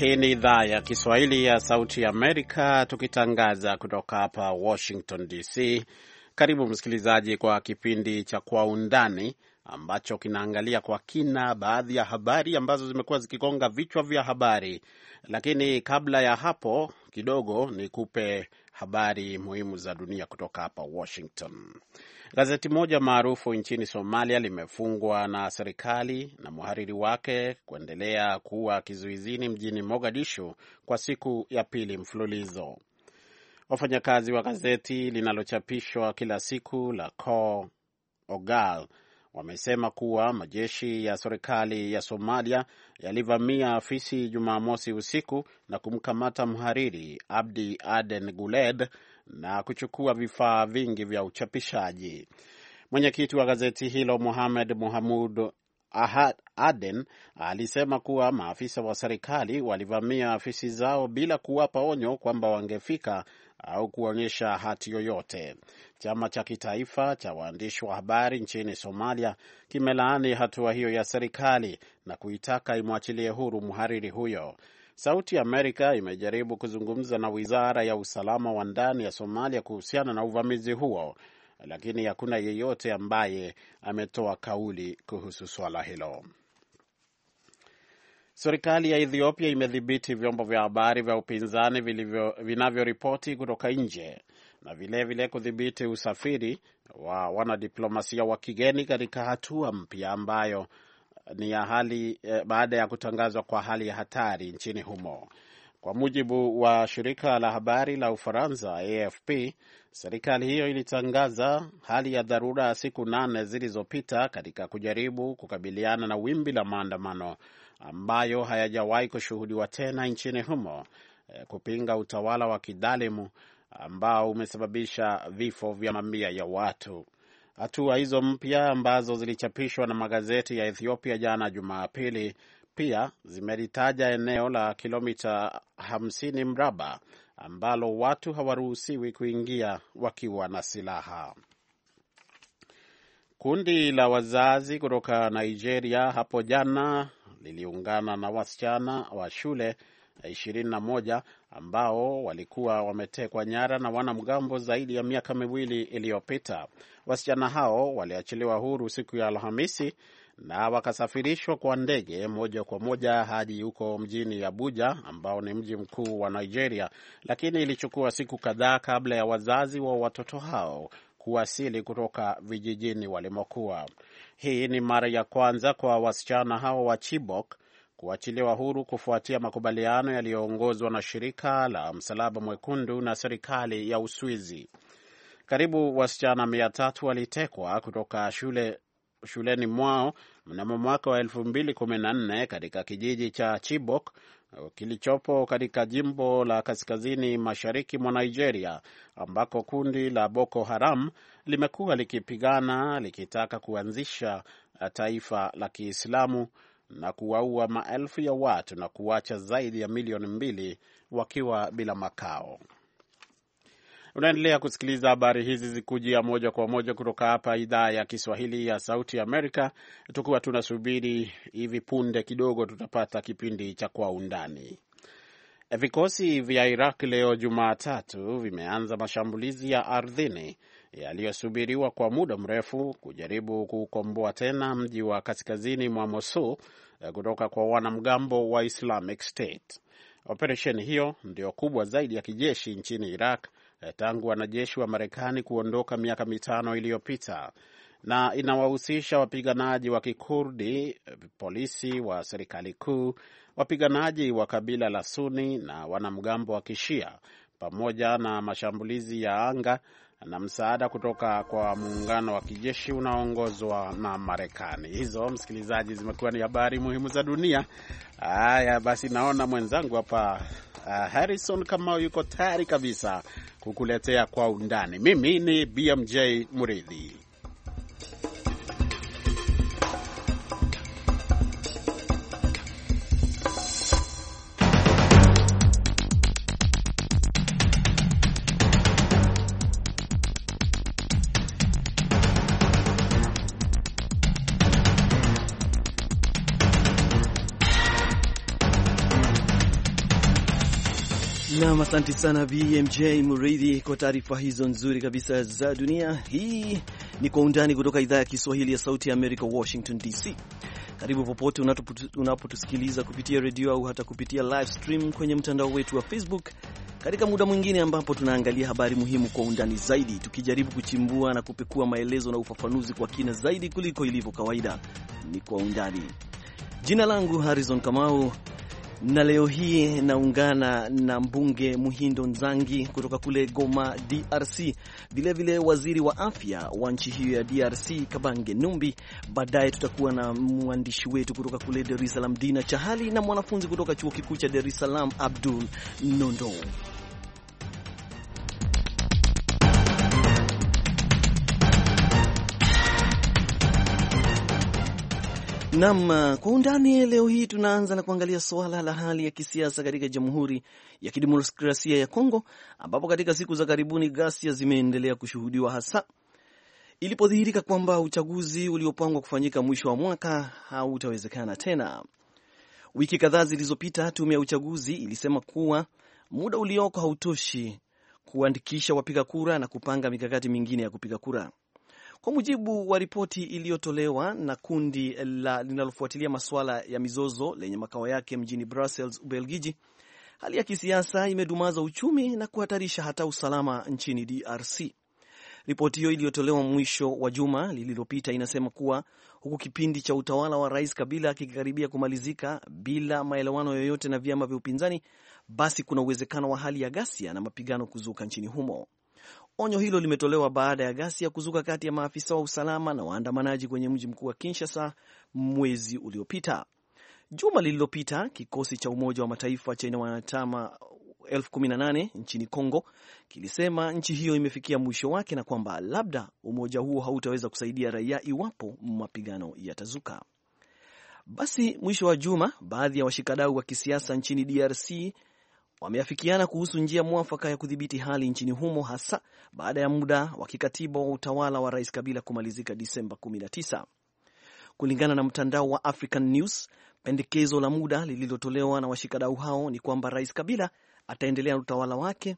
Hii ni idhaa ya Kiswahili ya Sauti ya Amerika, tukitangaza kutoka hapa Washington DC. Karibu msikilizaji, kwa kipindi cha Kwa Undani ambacho kinaangalia kwa kina baadhi ya habari ambazo zimekuwa zikigonga vichwa vya habari. Lakini kabla ya hapo kidogo, nikupe habari muhimu za dunia kutoka hapa Washington. Gazeti moja maarufu nchini Somalia limefungwa na serikali na mhariri wake kuendelea kuwa kizuizini mjini Mogadishu kwa siku ya pili mfululizo. Wafanyakazi wa gazeti linalochapishwa kila siku la co Ogal wamesema kuwa majeshi ya serikali ya Somalia yalivamia afisi Jumamosi usiku na kumkamata mhariri Abdi Aden Guled na kuchukua vifaa vingi vya uchapishaji. Mwenyekiti wa gazeti hilo Mohamed Mohamud Ahad Aden alisema kuwa maafisa wa serikali walivamia afisi zao bila kuwapa onyo kwamba wangefika au kuonyesha hati yoyote. Chama cha kitaifa cha waandishi wa habari nchini Somalia kimelaani hatua hiyo ya serikali na kuitaka imwachilie huru mhariri huyo. Sauti Amerika imejaribu kuzungumza na wizara ya usalama wa ndani ya Somalia kuhusiana na uvamizi huo, lakini hakuna yeyote ambaye ametoa kauli kuhusu swala hilo. Serikali ya Ethiopia imedhibiti vyombo vya habari vya upinzani vinavyoripoti kutoka nje na vilevile kudhibiti usafiri wa wanadiplomasia wa kigeni katika hatua mpya ambayo ni ya hali eh, baada ya kutangazwa kwa hali ya hatari nchini humo. Kwa mujibu wa shirika la habari la Ufaransa AFP, serikali hiyo ilitangaza hali ya dharura siku nane zilizopita katika kujaribu kukabiliana na wimbi la maandamano ambayo hayajawahi kushuhudiwa tena nchini humo eh, kupinga utawala wa kidhalimu ambao umesababisha vifo vya mamia ya watu. Hatua hizo mpya ambazo zilichapishwa na magazeti ya Ethiopia jana Jumapili pia zimelitaja eneo la kilomita 50 mraba ambalo watu hawaruhusiwi kuingia wakiwa na silaha. Kundi la wazazi kutoka Nigeria hapo jana liliungana na wasichana wa shule 21 ambao walikuwa wametekwa nyara na wanamgambo zaidi ya miaka miwili iliyopita. Wasichana hao waliachiliwa huru siku ya Alhamisi na wakasafirishwa kwa ndege moja kwa moja hadi huko mjini Abuja ambao ni mji mkuu wa Nigeria, lakini ilichukua siku kadhaa kabla ya wazazi wa watoto hao kuwasili kutoka vijijini walimokuwa. Hii ni mara ya kwanza kwa wasichana hao wa Chibok kuachiliwa huru kufuatia makubaliano yaliyoongozwa na shirika la Msalaba Mwekundu na serikali ya Uswizi. Karibu wasichana mia tatu walitekwa kutoka shule shuleni mwao mnamo mwaka wa 214 katika kijiji cha Chibok kilichopo katika jimbo la kaskazini mashariki mwa Nigeria ambako kundi la Boko Haram limekuwa likipigana likitaka kuanzisha uh, taifa la Kiislamu na kuwaua maelfu ya watu na kuacha zaidi ya milioni mbili wakiwa bila makao. Unaendelea kusikiliza habari hizi zikujia moja kwa moja kutoka hapa idhaa ya Kiswahili ya Sauti Amerika, tukiwa tunasubiri hivi punde kidogo tutapata kipindi cha Kwa Undani. Vikosi vya Iraq leo Jumatatu vimeanza mashambulizi ya ardhini yaliyosubiriwa kwa muda mrefu kujaribu kukomboa tena mji wa kaskazini mwa Mosul eh, kutoka kwa wanamgambo wa Islamic State. Operesheni hiyo ndiyo kubwa zaidi ya kijeshi nchini Iraq Eh, tangu wanajeshi wa Marekani kuondoka miaka mitano iliyopita na inawahusisha wapiganaji wa Kikurdi, polisi wa serikali kuu, wapiganaji wa kabila la Suni na wanamgambo wa Kishia pamoja na mashambulizi ya anga na msaada kutoka kwa muungano wa kijeshi unaoongozwa na Marekani. Hizo msikilizaji, zimekuwa ni habari muhimu za dunia. Haya basi, naona mwenzangu hapa uh, Harrison Kamau yuko tayari kabisa kukuletea kwa undani. Mimi ni BMJ Muridhi. Nam, asante sana BMJ Muridhi kwa taarifa hizo nzuri kabisa za dunia. Hii ni Kwa Undani kutoka idhaa ya Kiswahili ya Sauti ya Amerika, Washington DC. Karibu popote unapotusikiliza kupitia redio au hata kupitia live stream kwenye mtandao wetu wa Facebook katika muda mwingine ambapo tunaangalia habari muhimu kwa undani zaidi, tukijaribu kuchimbua na kupekua maelezo na ufafanuzi kwa kina zaidi kuliko ilivyo kawaida. Ni Kwa Undani. Jina langu Harrison Kamau na leo hii naungana na mbunge Muhindo Nzangi kutoka kule Goma, DRC, vilevile waziri wa afya wa nchi hiyo ya DRC Kabange Numbi. Baadaye tutakuwa na mwandishi wetu kutoka kule Dar es Salaam Dina Chahali na mwanafunzi kutoka chuo kikuu cha Dar es Salaam Abdul Nondo. Nam uh, kwa undani leo hii tunaanza na kuangalia suala la hali ya kisiasa katika Jamhuri ya Kidemokrasia ya Kongo, ambapo katika siku za karibuni ghasia zimeendelea kushuhudiwa hasa ilipodhihirika kwamba uchaguzi uliopangwa kufanyika mwisho wa mwaka hautawezekana tena. Wiki kadhaa zilizopita, tume ya uchaguzi ilisema kuwa muda ulioko hautoshi kuandikisha wapiga kura na kupanga mikakati mingine ya kupiga kura. Kwa mujibu wa ripoti iliyotolewa na kundi la linalofuatilia masuala ya mizozo lenye makao yake mjini Brussels, Ubelgiji, hali ya kisiasa imedumaza uchumi na kuhatarisha hata usalama nchini DRC. Ripoti hiyo iliyotolewa mwisho wa juma lililopita inasema kuwa huku kipindi cha utawala wa Rais Kabila kikikaribia kumalizika bila maelewano yoyote na vyama vya upinzani, basi kuna uwezekano wa hali ya ghasia na mapigano kuzuka nchini humo. Onyo hilo limetolewa baada ya ghasia kuzuka kati ya maafisa wa usalama na waandamanaji kwenye mji mkuu wa Kinshasa mwezi uliopita. Juma lililopita kikosi cha Umoja wa Mataifa chenye wanachama 18 nchini congo kilisema nchi hiyo imefikia mwisho wake na kwamba labda umoja huo hautaweza kusaidia raia iwapo mapigano yatazuka. Basi mwisho wa juma, baadhi ya washikadau wa kisiasa nchini DRC wameafikiana kuhusu njia mwafaka ya kudhibiti hali nchini humo hasa baada ya muda wa kikatiba wa utawala wa Rais Kabila kumalizika Disemba 19. Kulingana na mtandao wa African News, pendekezo la muda lililotolewa na washikadau hao ni kwamba Rais Kabila ataendelea na utawala wake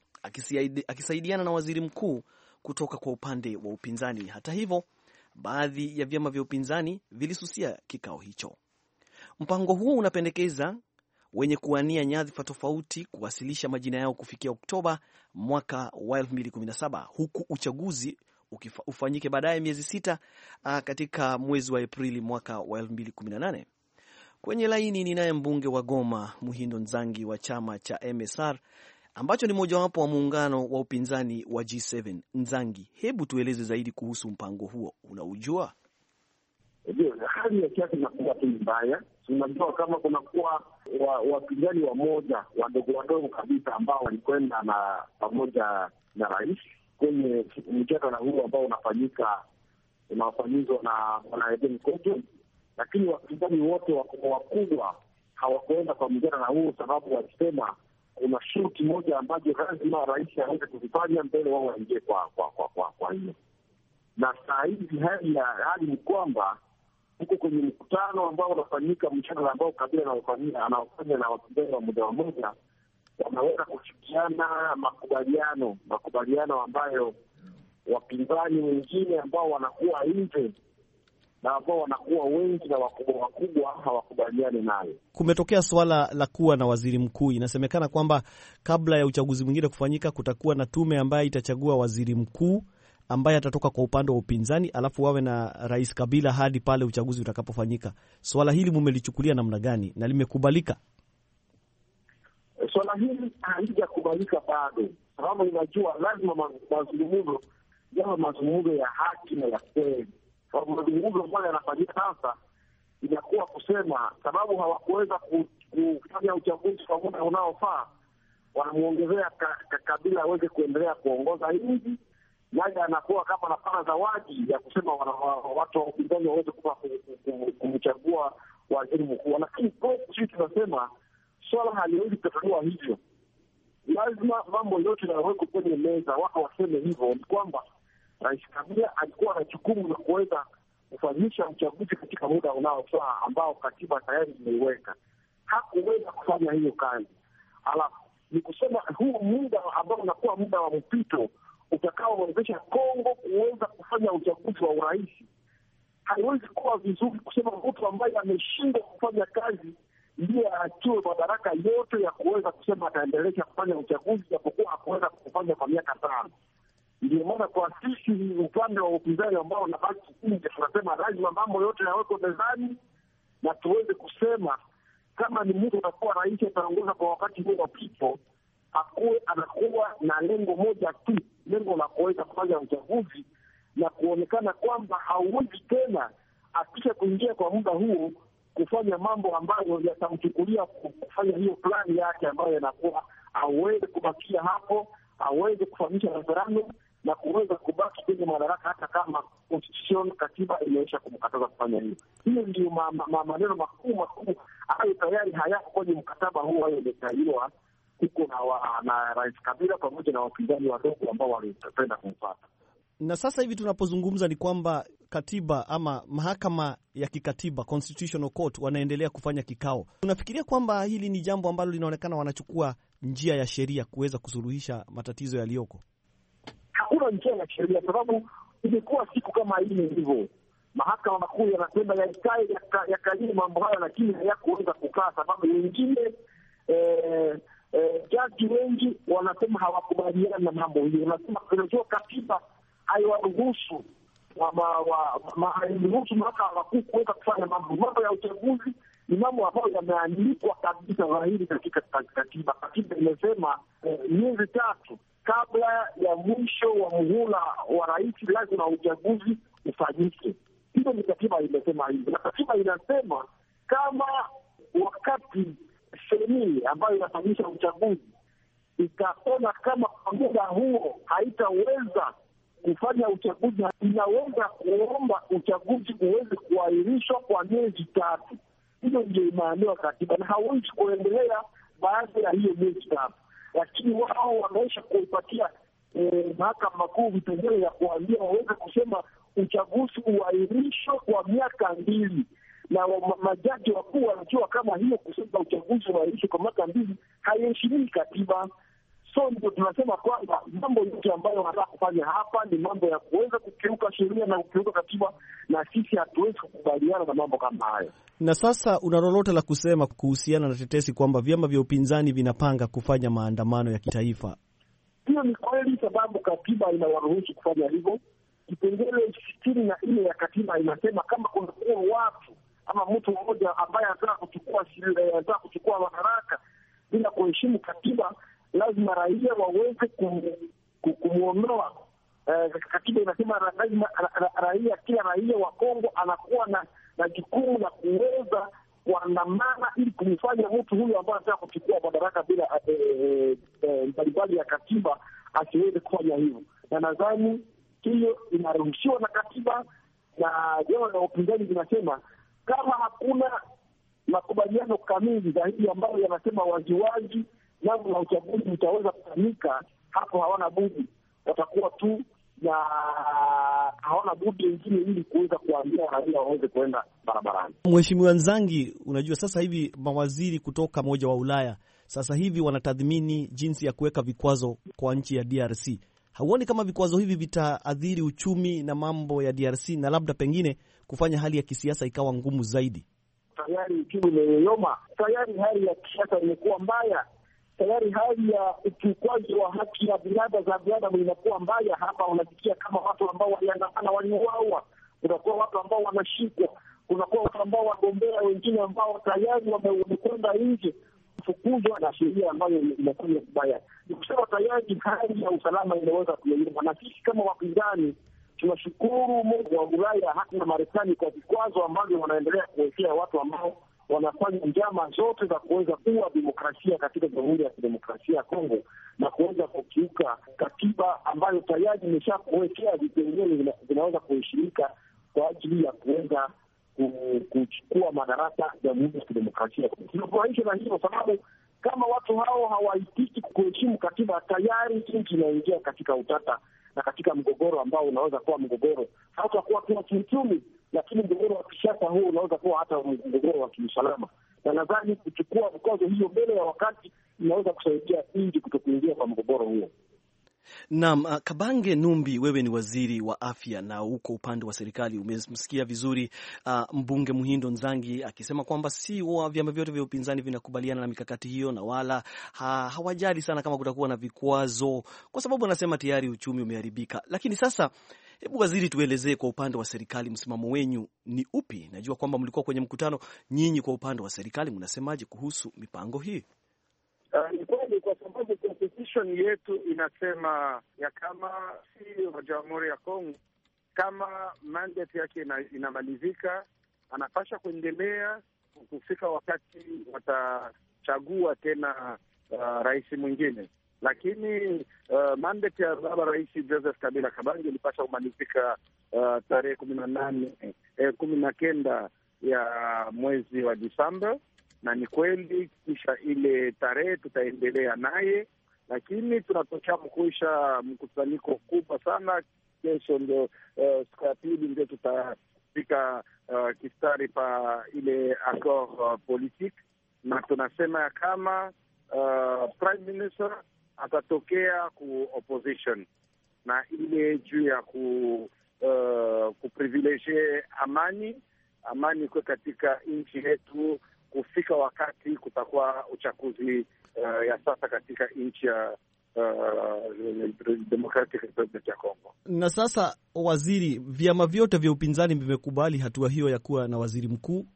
akisaidiana na waziri mkuu kutoka kwa upande wa upinzani. Hata hivyo, baadhi ya vyama vya upinzani vilisusia kikao hicho. Mpango huo unapendekeza wenye kuwania nyadhifa tofauti kuwasilisha majina yao kufikia Oktoba mwaka wa 2017 huku uchaguzi ufanyike baadaye miezi sita ah, katika mwezi wa Aprili mwaka wa 2018. Kwenye laini ninaye mbunge wa Goma Muhindo Nzangi wa chama cha MSR ambacho ni mojawapo wa muungano wa upinzani wa G7. Nzangi, hebu tueleze zaidi kuhusu mpango huo, unaujua? Eh, ndio hali ya siasa inakuwa tu mbaya. Unajua, kama kunakuwa wapinzani wa wamoja wadogo wadogo kabisa ambao walikwenda na pamoja na rais kwenye mjadala huu ambao unafanyika unaofanyizwa na bwana Eden Kojo, lakini wapinzani wote wakubwa hawakuenda kwa mjadala huu sababu wakisema kuna shuti moja ambazo lazima rais aweze kuzifanya mbele wao waingie kwa kwa kwa hiyo, na saa hizi hali ni kwamba huko kwenye mkutano ambao unafanyika mchana ambao Kabila anaofanya na wapinzani wa muda wa moja, wanaweza kufikiana makubaliano, makubaliano ambayo wapinzani wengine ambao wanakuwa nje na ambao wanakuwa wengi na wakubwa wakubwa hawakubaliani nayo. Kumetokea suala la kuwa na waziri mkuu. Inasemekana kwamba kabla ya uchaguzi mwingine kufanyika, kutakuwa na tume ambayo itachagua waziri mkuu ambaye atatoka kwa upande wa upinzani, alafu wawe na rais Kabila hadi pale uchaguzi utakapofanyika. Swala hili mumelichukulia namna gani na limekubalika? Swala hili halijakubalika bado, sababu inajua lazima mazungumzo yawe mazungumzo ya haki na ya kweli, sababu mazungumzo ambayo yanafanyika sasa inakuwa kusema sababu hawakuweza kufanya uchaguzi kwa muda unaofaa, wanamwongezea Kabila aweze kuendelea kuongoza nchi Yanga anakuwa kama anapana zawadi ya kusema watu wa upinzani waweze kumchagua waziri mkuu, lakini sisi tunasema swala haliwezi kutatuliwa hivyo. Lazima mambo yote yanawekwa kwenye meza, wako waseme hivyo. Ni kwamba Rais Kabila alikuwa na jukumu la kuweza kufanyisha uchaguzi katika muda unaofaa ambao katiba tayari imeiweka. Hakuweza kufanya hiyo kazi, alafu ni kusema huu muda ambao unakuwa muda wa mpito utakaowezesha Kongo kuweza kufanya uchaguzi wa urais. Haiwezi kuwa vizuri kusema mtu ambaye ameshindwa kufanya kazi ndiye achue madaraka yote ya kuweza kusema ataendelesha kufanya uchaguzi, japokuwa hakuweza kufanya kwa miaka tano. Ndio maana kwa sisi upande wa upinzani ambao unabaki nje, tunasema lazima mambo yote yawekwe mezani na tuweze kusema kama ni mtu atakuwa rais ataongoza kwa wakati huo wa pipo akuwe anakuwa na lengo moja tu, lengo la kuweza kufanya uchaguzi na kuonekana kwamba hauwezi tena akisha kuingia kwa muda huo kufanya mambo ambayo yatamchukulia kufanya hiyo plani yake ambayo yanakuwa aweze kubakia hapo, aweze kufanyisha referendum na kuweza kubaki kwenye madaraka, hata kama constitution katiba imeisha kumkataza kufanya hiyo. Hiyo ndiyo maneno makuu makuu ambayo tayari hayako kwenye mkataba huo ayo aliyodetailiwa kuko na Rais Kabila pamoja na wapinzani wadogo ambao walipenda kumfata. Na sasa hivi tunapozungumza ni kwamba katiba ama mahakama ya kikatiba Constitutional Court wanaendelea kufanya kikao. Unafikiria kwamba hili ni jambo ambalo linaonekana wanachukua njia ya sheria kuweza kusuluhisha matatizo yaliyoko? Hakuna njia ya sheria, sababu imekuwa siku kama hili hivyo mahakama makuu yanakwenda yakae yakalii mambo hayo lakini hayakuweza kukaa sababu wengine eh, Eh, jaji wengi wanasema hawakubaliana na mambo hiyo. wanasema unajua, katiba haiwaruhusu hairuhusu mahakama makuu kuweza kufanya mambo. Mambo ya uchaguzi ni mambo ambayo yameandikwa kabisa dhahiri katika katiba. Katiba imesema eh, miezi tatu kabla ya mwisho wa muhula wa rais lazima uchaguzi ufanyike. hilo ni katiba imesema hivyo, na katiba inasema kama wakati sheria ambayo inafanyisha uchaguzi ikaona kama kwa muda huo haitaweza kufanya uchaguzi, inaweza kuomba uchaguzi uweze kuahirishwa kwa miezi tatu. Hiyo ndio imeambiwa katiba, na hawezi kuendelea baada ya hiyo miezi tatu, lakini wao wameweza kuipatia eh, mahakama kuu vipengele ya kuambia waweze kusema uchaguzi uahirishwe kwa miaka mbili na majaji wakuu wanajua kama hiyo kusema uchaguzi unaahirishwa kwa mwaka mbili haiheshimii katiba. So ndio tunasema kwamba mambo yote ambayo wanataka kufanya hapa ni mambo ya kuweza kukiuka sheria na kukiuka katiba, na sisi hatuwezi kukubaliana na mambo kama hayo. Na sasa una lolote la kusema kuhusiana na tetesi kwamba vyama vya upinzani vinapanga kufanya maandamano ya kitaifa? Hiyo ni kweli, sababu katiba inawaruhusu kufanya hivyo. Kipengele sitini na nne ya katiba inasema kama kunakuwa watu ama mtu mmoja ambaye anataka kuchukua eh, anataka kuchukua madaraka bila kuheshimu katiba, lazima raia waweze kumwondoa. Eh, katiba inasema lazima raia, kila raia wa Kongo anakuwa na na jukumu la kuweza kuandamana ili kumfanya mtu huyo ambaye anataka kuchukua madaraka bila eh, mbalimbali ya katiba asiweze kufanya hivyo, na nadhani hiyo inaruhusiwa na katiba, na vyama vya upinzani vinasema kama hakuna makubaliano kamili zaidi ambayo yanasema waziwazi namna la uchaguzi utaweza kufanyika, hapo hawana budi, watakuwa tu na hawana budi wengine, ili kuweza kuambia raia waweze kuenda barabarani. Mheshimiwa Nzangi, unajua sasa hivi mawaziri kutoka moja wa Ulaya sasa hivi wanatathmini jinsi ya kuweka vikwazo kwa nchi ya DRC. Hauoni kama vikwazo hivi vitaathiri uchumi na mambo ya DRC na labda pengine kufanya hali ya kisiasa ikawa ngumu zaidi? Tayari uchumi umeyoyoma, tayari hali ya kisiasa imekuwa mbaya, tayari hali ya ukiukwaji wa haki ya binada za binadamu inakuwa mbaya. Hapa unasikia kama watu ambao waliandamana waliuawa, kunakuwa watu ambao wanashikwa, kunakuwa watu ambao wagombea wengine ambao tayari wamekwenda nje kufukuzwa na sheria ambayo inakuwa mbaya. Ni kusema tayari hali ya usalama inaweza kuyoyoma, na sisi kama wapinzani tunashukuru Umoja wa Ulaya hata na Marekani kwa vikwazo ambavyo wanaendelea kuwekea watu ambao wanafanya njama zote za kuweza kuwa demokrasia katika Jamhuri ya Kidemokrasia ya Kongo na kuweza kukiuka katiba ambayo tayari imesha kuwekea vipengele vinaweza kuheshimika kwa ajili ya kuweza kuchukua madaraka Jamhuri ya Kidemokrasia ya Kongo. Tunafurahishwa na hiyo sababu kama watu hao hawaitiki kuheshimu katiba, tayari nchi inaingia katika utata na katika mgogoro ambao unaweza kuwa mgogoro hata kuwa pia kiuchumi, lakini mgogoro wa kisiasa huu unaweza kuwa hata mgogoro wa kiusalama, na nadhani kuchukua mkazo hiyo mbele ya wakati inaweza kusaidia nchi kutokuingia kwa mgogoro huo. Naam, uh, Kabange Numbi, wewe ni waziri wa afya na uko upande wa serikali. Umemsikia vizuri uh, mbunge Muhindo Nzangi akisema kwamba si vyama vyote vya upinzani vinakubaliana na mikakati hiyo na wala ha, hawajali sana kama kutakuwa na vikwazo, kwa sababu anasema tayari uchumi umeharibika. Lakini sasa, hebu waziri, tuelezee kwa upande wa serikali msimamo wenyu ni upi? Najua kwamba mlikuwa kwenye mkutano nyinyi, kwa upande wa serikali mnasemaje kuhusu mipango hii? Uh, constitution yetu inasema ya kama si wa Jamhuri ya Kongo, kama mandate yake ina, inamalizika, anapasha kuendelea kufika wakati watachagua tena uh, rais mwingine lakini uh, mandate ya baba rais Joseph Kabila Kabange ilipasha kumalizika uh, tarehe kumi na nane eh, kumi na kenda ya mwezi wa Disemba, na ni kweli kisha ile tarehe tutaendelea naye lakini tunatokea mkuisha mkusanyiko kubwa sana. Kesho ndio uh, siku ya pili ndio tutafika uh, kistari pa ile accord uh, na tunasema ya kama uh, prime minister atatokea ku opposition na ile juu ya ku uh, kuprivilege amani amani ikuwe katika nchi yetu. Kufika wakati kutakuwa uchaguzi uh, ya sasa katika nchi ya uh, Democratic Republic ya Congo. Na sasa, waziri, vyama vyote vya upinzani vimekubali hatua hiyo ya kuwa na waziri mkuu.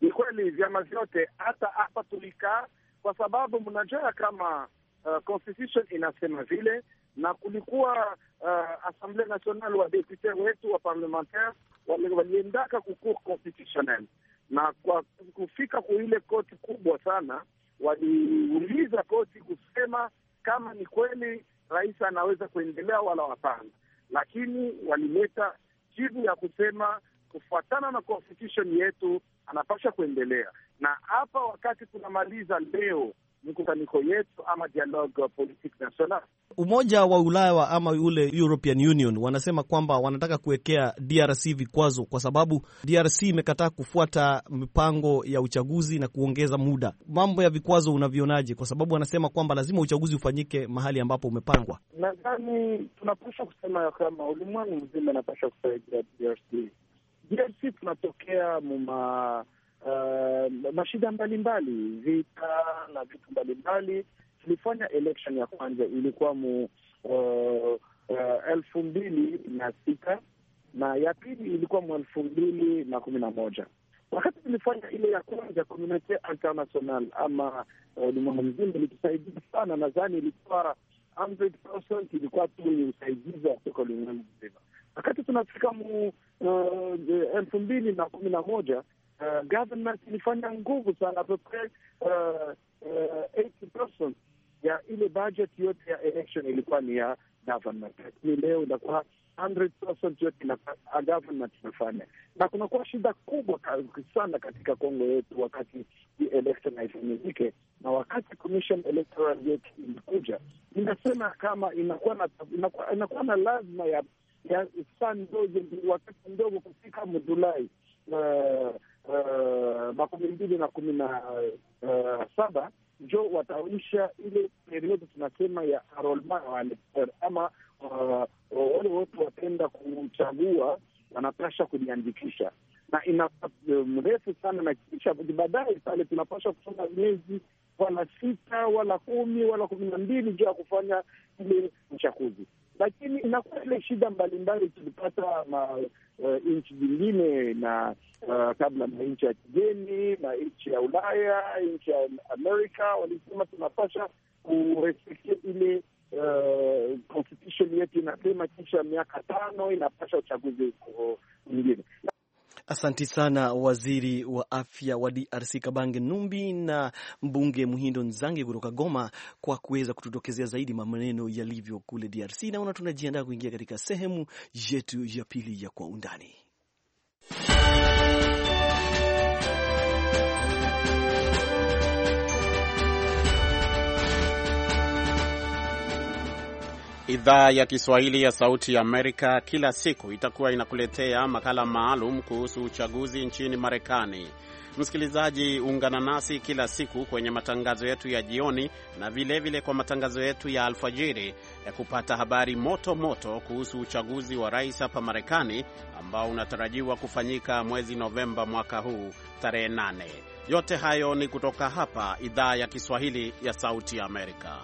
Ni kweli vyama vyote, hata hapa tulikaa, kwa sababu mnajua kama uh, constitution inasema vile na kulikuwa uh, Assemblée Nationale wa depute wetu wa parlementaire waliendaka ku cour constitutionnel, na kwa kufika kwa ile koti kubwa sana waliuliza koti kusema kama ni kweli rais anaweza kuendelea wala hapana, lakini walileta jibu ya kusema kufuatana na constitution yetu anapasha kuendelea. Na hapa wakati tunamaliza leo mikutano yetu ama dialogue politique national. Umoja wa Ulaya ama ule European Union wanasema kwamba wanataka kuwekea DRC vikwazo kwa sababu DRC imekataa kufuata mipango ya uchaguzi na kuongeza muda. Mambo ya vikwazo unavionaje? Kwa sababu wanasema kwamba lazima uchaguzi ufanyike mahali ambapo umepangwa. Nadhani tunapasha kusema kama ulimwengu mzima inapasha kusaidia DRC. DRC tunatokea muma uh, mashida mbalimbali, vita na vitu mbalimbali. Tulifanya election ya kwanza ilikuwa mu uh, uh, elfu mbili na sita na ya pili ilikuwa mu elfu mbili na kumi na moja Wakati tulifanya ile ya kwanza, community international ama ulimwengu uh, mzima ilitusaidia sana. Nadhani ilikuwa 100% ilikuwa tu ni usaidizi wa soko ulimwengu mzima. Wakati tunafika mu elfu mbili na kumi na moja uh, government ilifanya nguvu sana prepare, uh, uh, 80% ya ile budget yote ya election ilikuwa ni ya government, lakini leo inakuwa 100% yote na government inafanya, na kunakuwa shida kubwa sana katika Kongo yetu wakati hii election haifanyike. Na wakati commission electoral yetu ilikuja, inasema kama inakuwa na inakuwa, inakuwa na lazima ya, ya saa ndogo wakati mdogo kufika Mjulai uh, Eh, makumi mbili na kumi na uh, saba njo wataisha ile periodi tunasema ya arolma ya ama eh, wale wote wataenda kuchagua wanapasha kujiandikisha na ina mrefu sana, na kisha baadaye pale tunapasha kusonga miezi wala sita wala kumi wala kumi na mbili juu ya kufanya ile uchaguzi lakini inakuwa ile shida mbalimbali tulipata uh, nchi zingine na uh, kabla nchi ya kigeni na nchi ya Ulaya, nchi ya Amerika walisema tunapasha kurespektia ile uh, constitution yetu inasema kisha miaka tano inapasha uchaguzi mwingine. Asanti sana waziri wa afya wa DRC Kabange Numbi na mbunge Muhindo Nzange kutoka Goma kwa kuweza kututokezea zaidi maneno yalivyo kule DRC. Naona tunajiandaa kuingia katika sehemu yetu ya pili ya kwa undani Idhaa ya Kiswahili ya Sauti ya Amerika kila siku itakuwa inakuletea makala maalum kuhusu uchaguzi nchini Marekani. Msikilizaji, ungana nasi kila siku kwenye matangazo yetu ya jioni na vilevile vile kwa matangazo yetu ya alfajiri ya eh, kupata habari moto moto kuhusu uchaguzi wa rais hapa Marekani ambao unatarajiwa kufanyika mwezi Novemba mwaka huu tarehe 8. Yote hayo ni kutoka hapa idhaa ya Kiswahili ya Sauti ya Amerika.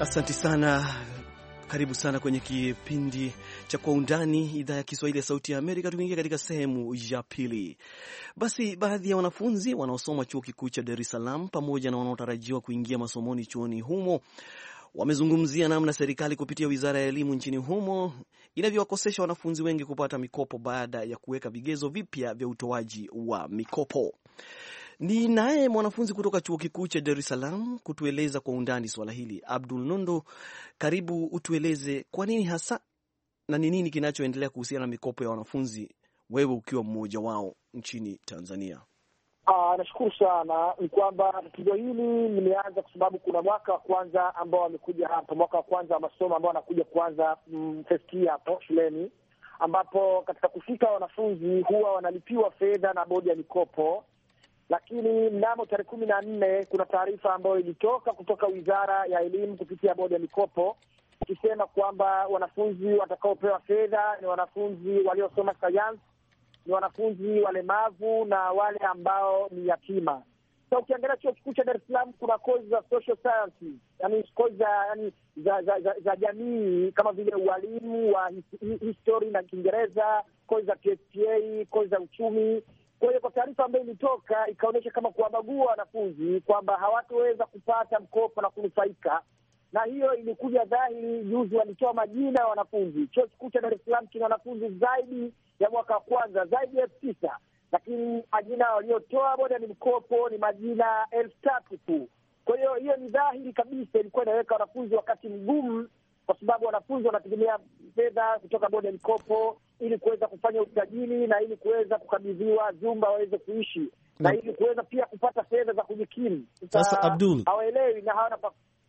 Asante sana. Karibu sana kwenye kipindi cha Kwa Undani, idhaa ya Kiswahili ya Sauti ya Amerika, tukiingia katika sehemu ya pili. Basi, baadhi ya wanafunzi wanaosoma chuo kikuu cha Dar es Salaam pamoja na wanaotarajiwa kuingia masomoni chuoni humo wamezungumzia namna serikali kupitia wizara ya elimu nchini humo inavyowakosesha wanafunzi wengi kupata mikopo baada ya kuweka vigezo vipya vya utoaji wa mikopo. Ni naye mwanafunzi kutoka chuo kikuu cha Dar es Salaam kutueleza kwa undani swala hili. Abdul Nondo, karibu utueleze kwa nini hasa na ni nini kinachoendelea kuhusiana na mikopo ya wanafunzi, wewe ukiwa mmoja wao nchini Tanzania. Aa, ah, nashukuru sana. Ni kwamba tatizo hili limeanza kwa sababu kuna mwaka wa kwanza ambao wamekuja hapa, mwaka wa kwanza wa masomo ambao wanakuja kuanza mm, hapo shuleni, ambapo katika kufika wanafunzi huwa wanalipiwa fedha na bodi ya mikopo lakini mnamo tarehe kumi na nne kuna taarifa ambayo ilitoka kutoka wizara ya elimu kupitia bodi ya mikopo ikisema kwamba wanafunzi watakaopewa fedha ni wanafunzi waliosoma sayansi, ni wanafunzi walemavu na wale ambao ni yatima. Sa ukiangalia chuo kikuu cha Dar es Salaam kuna kozi za social sciences, yani kozi za yani za, za, za, za jamii kama vile ualimu wa histori na Kiingereza, kozi za PSPA, kozi za uchumi kwa hiyo kwa taarifa ambayo ilitoka ikaonyesha kama kuwabagua wanafunzi kwamba hawatoweza kupata mkopo na kunufaika, na hiyo ilikuja dhahiri juzi, walitoa majina ya wanafunzi. Chuo kikuu cha Dar es Salaam kina wanafunzi zaidi ya mwaka wa kwanza zaidi ya elfu tisa lakini majina waliotoa moja ni mkopo ni majina elfu tatu tu. Kwa hiyo hiyo ni dhahiri kabisa, ilikuwa inaweka wanafunzi wakati mgumu kwa sababu wanafunzi wanategemea fedha kutoka bodi ya mikopo ili kuweza kufanya usajili na ili kuweza kukabidhiwa vyumba waweze kuishi na, na mm. ili kuweza pia kupata fedha za kujikimu. Sasa Abdul hawaelewi na hawana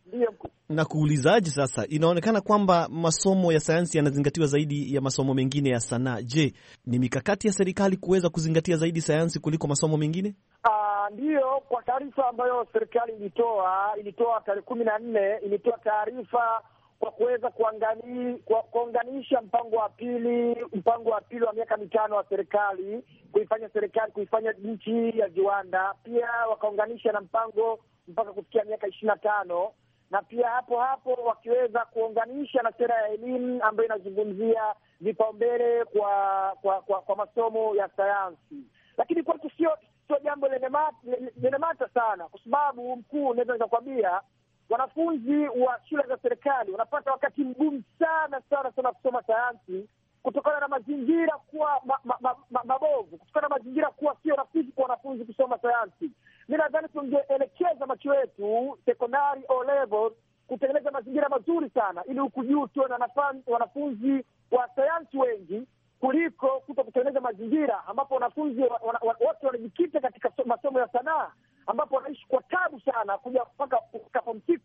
ndio na kuulizaji. Sasa inaonekana kwamba masomo ya sayansi yanazingatiwa zaidi ya masomo mengine ya sanaa. Je, ni mikakati ya serikali kuweza kuzingatia zaidi sayansi kuliko masomo mengine? Ah, Ndiyo, kwa taarifa ambayo serikali ilitoa ilitoa tarehe kumi na nne ilitoa taarifa kwa kuweza kuunganisha mpango wa pili mpango wa pili wa miaka mitano wa serikali kuifanya serikali kuifanya nchi ya viwanda, pia wakaunganisha na mpango mpaka kufikia miaka ishirini na tano na pia hapo hapo wakiweza kuunganisha na sera ya elimu ambayo inazungumzia vipaumbele kwa kwa, kwa kwa masomo ya sayansi, lakini kwetu sio sio jambo lenye mata sana, kwa sababu mkuu, naweza nikakwambia wanafunzi wa shule za serikali wanapata wakati mgumu sana sana sana kusoma sayansi kutokana na mazingira kuwa ma, ma, ma, mabovu, kutokana na mazingira kuwa sio rafiki kwa wanafunzi kusoma sayansi. Mi nadhani tungeelekeza macho yetu sekondari o level kutengeneza mazingira mazuri sana, ili huku juu tuwe na wanafunzi wa sayansi wengi kuliko kuto kutengeneza mazingira ambapo wanafunzi wote wanajikita katika masomo ya sanaa ambapo wanaishi juu sana kuja mpaka kufika form six,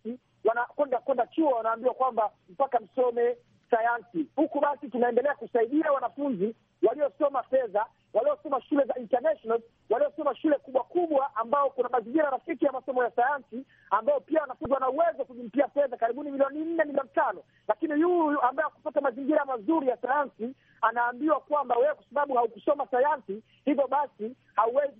wanakwenda kwenda chuo, wanaambiwa kwamba mpaka msome sayansi. Huku basi tunaendelea kusaidia wanafunzi waliosoma fedha, waliosoma shule za international, waliosoma shule kubwa kubwa, ambao kuna mazingira rafiki ya masomo ya sayansi, ambao pia wanafunzi wana uwezo wa kujimpia fedha karibuni milioni nne milioni tano lakini yuyu ambaye akupata mazingira mazuri ya sayansi anaambiwa kwamba wewe, kwa sababu haukusoma sayansi, hivyo basi hauwezi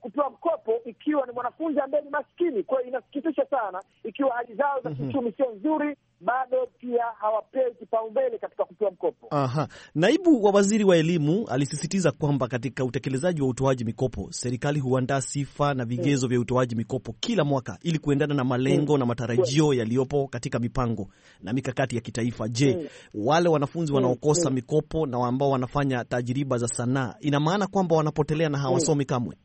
wako ikiwa ni mwanafunzi ambaye ni maskini. Kwa hiyo inasikitisha sana ikiwa hali zao za mhm. kiuchumi sio nzuri, bado pia hawapewi kipaumbele katika kupewa mkopo. Aha. Naibu wa waziri wa elimu alisisitiza kwamba katika utekelezaji wa utoaji mikopo, serikali huandaa sifa na vigezo mm. vya utoaji mikopo kila mwaka ili kuendana na malengo mm. na matarajio yaliyopo katika mipango na mikakati ya kitaifa. Je, mm. wale wanafunzi wanaokosa mikopo na ambao wanafanya tajiriba za sanaa, ina maana kwamba wanapotelea na hawasomi kamwe?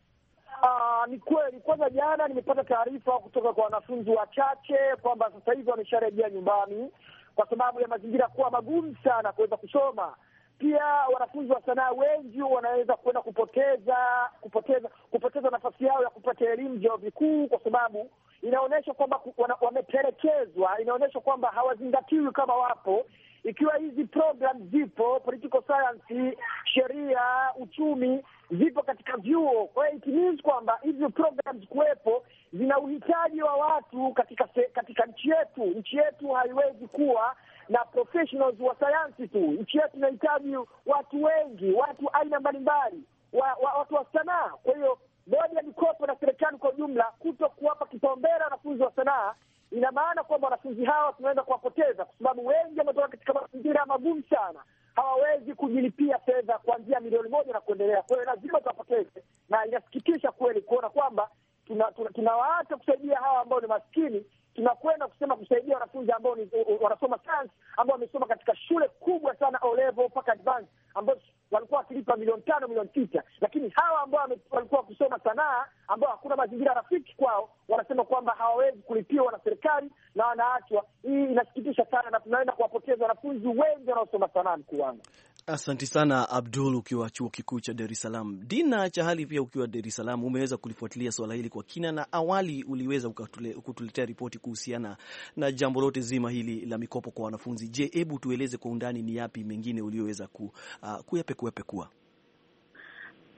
ni kweli. Kwanza jana nimepata taarifa kutoka kwa wanafunzi wachache kwamba sasa hivi wamesharejea nyumbani kwa sababu ya mazingira kuwa magumu sana kuweza kusoma. Pia wanafunzi wa sanaa wengi wanaweza kuenda kupoteza kupoteza kupoteza nafasi yao ya kupata elimu vyuo vikuu, kwa sababu inaonyesha kwamba wamepelekezwa, inaonyesha kwamba hawazingatiwi kama wapo ikiwa hizi program zipo, political science, sheria, uchumi zipo katika vyuo. Kwa hiyo it means kwamba hizi programs kuwepo zina uhitaji wa watu katika se, katika nchi yetu. Nchi yetu haiwezi kuwa na professionals wa sayansi tu. Nchi yetu inahitaji watu wengi, watu aina mbalimbali wa, wa, watu wa sanaa. Kwa hiyo bodi ya mikopo na serikali kwa ujumla kuto kuwapa kipaumbele wanafunzi wa sanaa ina maana kwamba wanafunzi hawa tunaweza kuwapoteza, kwa sababu wengi wametoka katika mazingira magumu sana, hawawezi kujilipia fedha kuanzia milioni moja na kuendelea. Kwa hiyo lazima tuwapoteze, na inasikitisha kweli kuona kwamba tunawaacha tuna, tuna kusaidia hawa ambao ni maskini tunakwenda kusema kusaidia wanafunzi ambao ni wanasoma science, ambao wamesoma katika shule kubwa sana O level mpaka advance, ambao walikuwa wakilipa milioni tano milioni sita, lakini hawa ambao walikuwa kusoma sanaa, ambao hakuna mazingira rafiki kwao, wanasema kwamba hawawezi kulipiwa na serikali na wanaachwa. Hii inasikitisha sana, na tunaenda kuwapoteza wanafunzi wengi wanaosoma sanaa, mkuu wangu. Asanti sana Abdul, ukiwa chuo kikuu cha Dar es Salaam. Dina hali pia ukiwa Dar es Salaam, umeweza kulifuatilia swala hili kwa kina, na awali uliweza kutuletea ripoti kuhusiana na jambo lote zima hili la mikopo kwa wanafunzi. Je, hebu tueleze kwa undani, ni yapi mengine ulioweza ku, uh, kuyapekuapekua?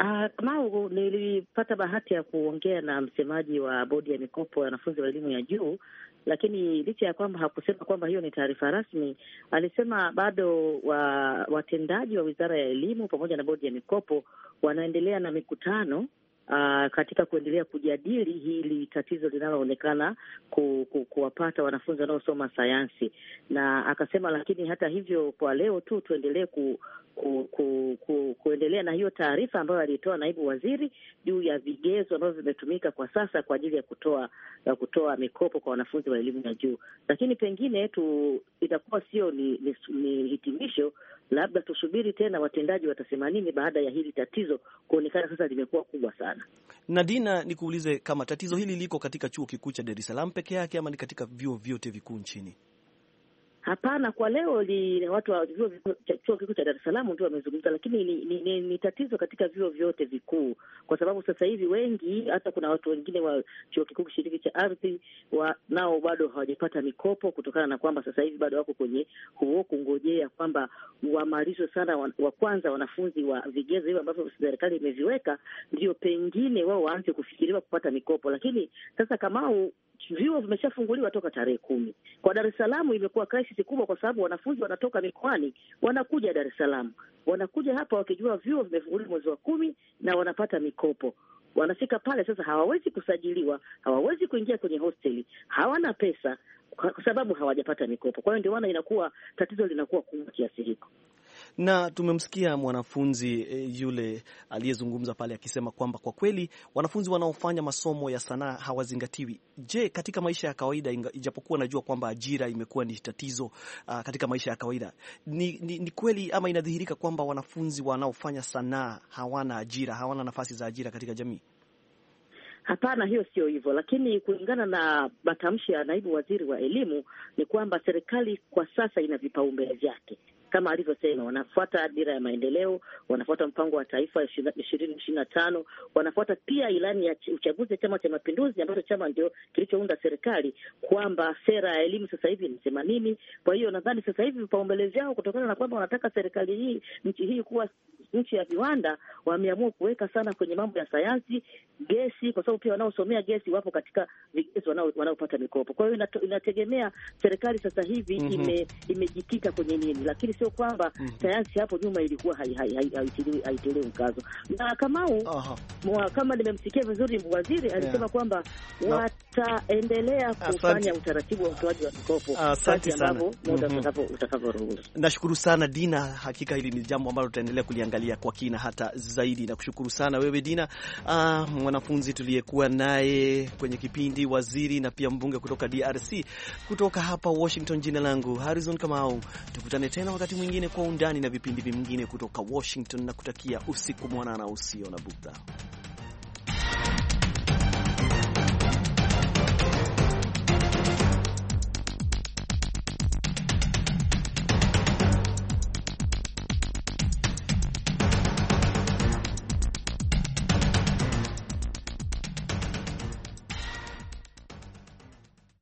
Uh, Kamau, nilipata bahati ya kuongea na msemaji wa bodi ya mikopo ya wanafunzi wa elimu ya juu lakini licha ya kwamba hakusema kwamba hiyo ni taarifa rasmi, alisema bado wa, watendaji wa wizara ya elimu pamoja na bodi ya mikopo wanaendelea na mikutano uh, katika kuendelea kujadili hili tatizo linaloonekana ku, ku, kuwapata wanafunzi wanaosoma sayansi, na akasema lakini hata hivyo kwa leo tu tuendelee ku, ku, ku, ku, kuendelea na hiyo taarifa ambayo alitoa naibu waziri juu ya vigezo ambavyo vimetumika kwa sasa kwa ajili ya kutoa ya kutoa mikopo kwa wanafunzi wa elimu ya juu, lakini pengine tu itakuwa sio ni, ni, ni hitimisho labda tusubiri tena watendaji watasema nini baada ya hili tatizo kuonekana sasa limekuwa kubwa sana. Nadina, nikuulize kama tatizo hili liko katika chuo kikuu cha Dar es Salaam peke yake ama ni katika vyuo vyote vikuu nchini? Hapana, kwa leo li, watu wa chuo kikuu cha Dar es Salaam ndio wamezungumza, lakini ni, ni, ni, ni tatizo katika vyuo vyote vikuu, kwa sababu sasa hivi wengi, hata kuna watu wengine wa chuo kikuu kishiriki cha ardhi nao bado hawajapata mikopo kutokana na kwamba sasa hivi bado wako kwenye huo kungojea kwamba wamalizwe sana wa, wa kwanza wanafunzi wa vigezo hivyo ambavyo serikali imeviweka, ndio pengine wao waanze kufikiriwa kupata mikopo. Lakini sasa Kamau, vyuo vimeshafunguliwa toka tarehe kumi. Kwa Dar es Salaam imekuwa crisis kubwa, kwa sababu wanafunzi wanatoka mikoani wanakuja Dar es Salaam, wanakuja hapa wakijua vyuo vimefunguliwa mwezi wa kumi na wanapata mikopo wanafika pale sasa, hawawezi kusajiliwa, hawawezi kuingia kwenye hosteli, hawana pesa kwa sababu hawajapata mikopo. Kwa hiyo ndio maana inakuwa tatizo linakuwa kubwa kiasi hiko na tumemsikia mwanafunzi e, yule aliyezungumza pale akisema kwamba kwa kweli wanafunzi wanaofanya masomo ya sanaa hawazingatiwi. Je, katika maisha ya kawaida, ijapokuwa najua kwamba ajira imekuwa ni tatizo uh, katika maisha ya kawaida, ni, ni, ni kweli ama inadhihirika kwamba wanafunzi wanaofanya sanaa hawana ajira, hawana nafasi za ajira katika jamii? Hapana, hiyo sio hivyo, lakini kulingana na matamshi ya naibu waziri wa elimu ni kwamba serikali kwa sasa ina vipaumbele vyake kama alivyosema, wanafuata dira ya maendeleo, wanafuata mpango wa taifa ishirini ishirini na tano, wanafuata pia ilani ya uchaguzi ya Chama cha Mapinduzi ambacho chama ndio kilichounda serikali, kwamba sera ya elimu sasa hivi inasema nini. Kwa hiyo nadhani sasa hivi vipaumbele vyao, kutokana na kwamba wanataka serikali hii nchi hii kuwa nchi ya viwanda, wameamua kuweka sana kwenye mambo ya sayansi, gesi, kwa sababu pia wanaosomea gesi wapo katika vigezo wanaopata mikopo. Kwa hiyo inategemea serikali sasa hivi mm -hmm. imejikita ime kwenye nini, lakini sio kwamba mhm. sayansi hapo nyuma ilikuwa haitolewi mkazo. Na Kamau, kama nimemsikia vizuri, waziri alisema yeah. kwamba wataendelea kufanya utaratibu wa utoaji wa mikopo kati ambavyo muda mhm. utakavyoruhusu. Nashukuru sana Dina, hakika hili ni jambo ambalo tutaendelea kuliangalia kwa kina hata zaidi. Nakushukuru sana wewe Dina, ah, mwanafunzi tuliyekuwa naye kwenye kipindi, waziri na pia mbunge kutoka DRC. Kutoka hapa Washington, jina langu Harrison Kamau, tukutane tena wakati wakati mwingine kwa undani na vipindi vingine kutoka Washington na kutakia usiku mwanana usio na bughudha.